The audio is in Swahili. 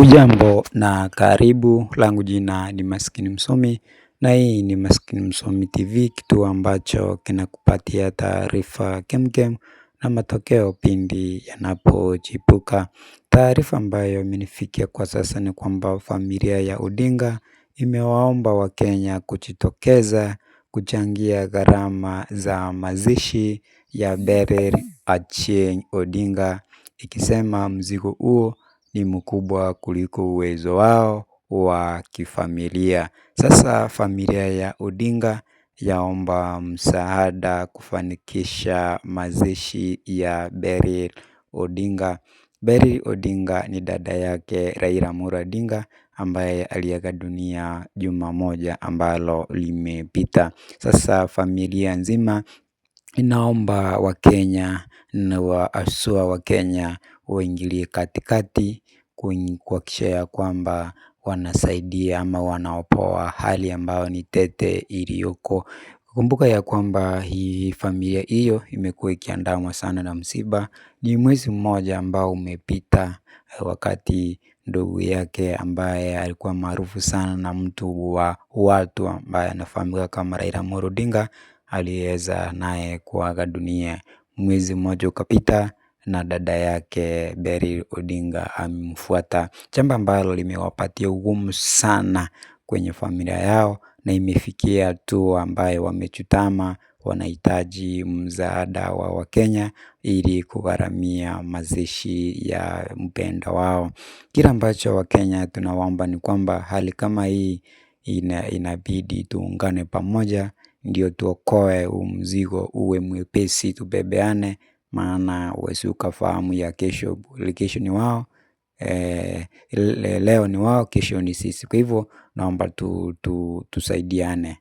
Ujambo na karibu langu jina ni Maskini Msomi na hii ni Maskini Msomi TV, kituo ambacho kinakupatia taarifa kemkem na matokeo pindi yanapochipuka. Taarifa ambayo imenifikia kwa sasa ni kwamba familia ya Odinga imewaomba Wakenya kujitokeza kuchangia gharama za mazishi ya Beryl Achieng Odinga, ikisema mzigo huo ni mkubwa kuliko uwezo wao wa kifamilia. Sasa familia ya Odinga yaomba msaada kufanikisha mazishi ya Beryl Odinga. Beryl Odinga ni dada yake Raila Amolo Odinga ambaye aliaga dunia juma moja ambalo limepita. Sasa familia nzima inaomba wakenya na haswa wakenya waingilie katikati kuhakikisha ya kwamba wanasaidia ama wanaopoa hali ambayo ni tete iliyoko. Kumbuka ya kwamba hii familia hiyo imekuwa ikiandamwa sana na msiba. Ni mwezi mmoja ambao umepita eh, wakati ndugu yake ambaye alikuwa maarufu sana na mtu wa watu ambaye anafahamika kama Raila Amolo Odinga aliweza naye kuaga dunia. Mwezi mmoja ukapita na dada yake Berry Odinga amemfuata. Jambo ambalo limewapatia ugumu sana kwenye familia yao na imefikia hatua ambayo wamechutama wanahitaji msaada wa Wakenya ili kugharamia mazishi ya mpendwa wao. kila ambacho Wakenya tunawaomba ni kwamba hali kama hii ina, inabidi tuungane pamoja ndio tuokoe huu mzigo uwe mwepesi tubebeane maana huwezi ukafahamu ya kesho, kesho ni wao, eh, leo ni wao, kesho ni sisi. Kwa hivyo naomba tusaidiane.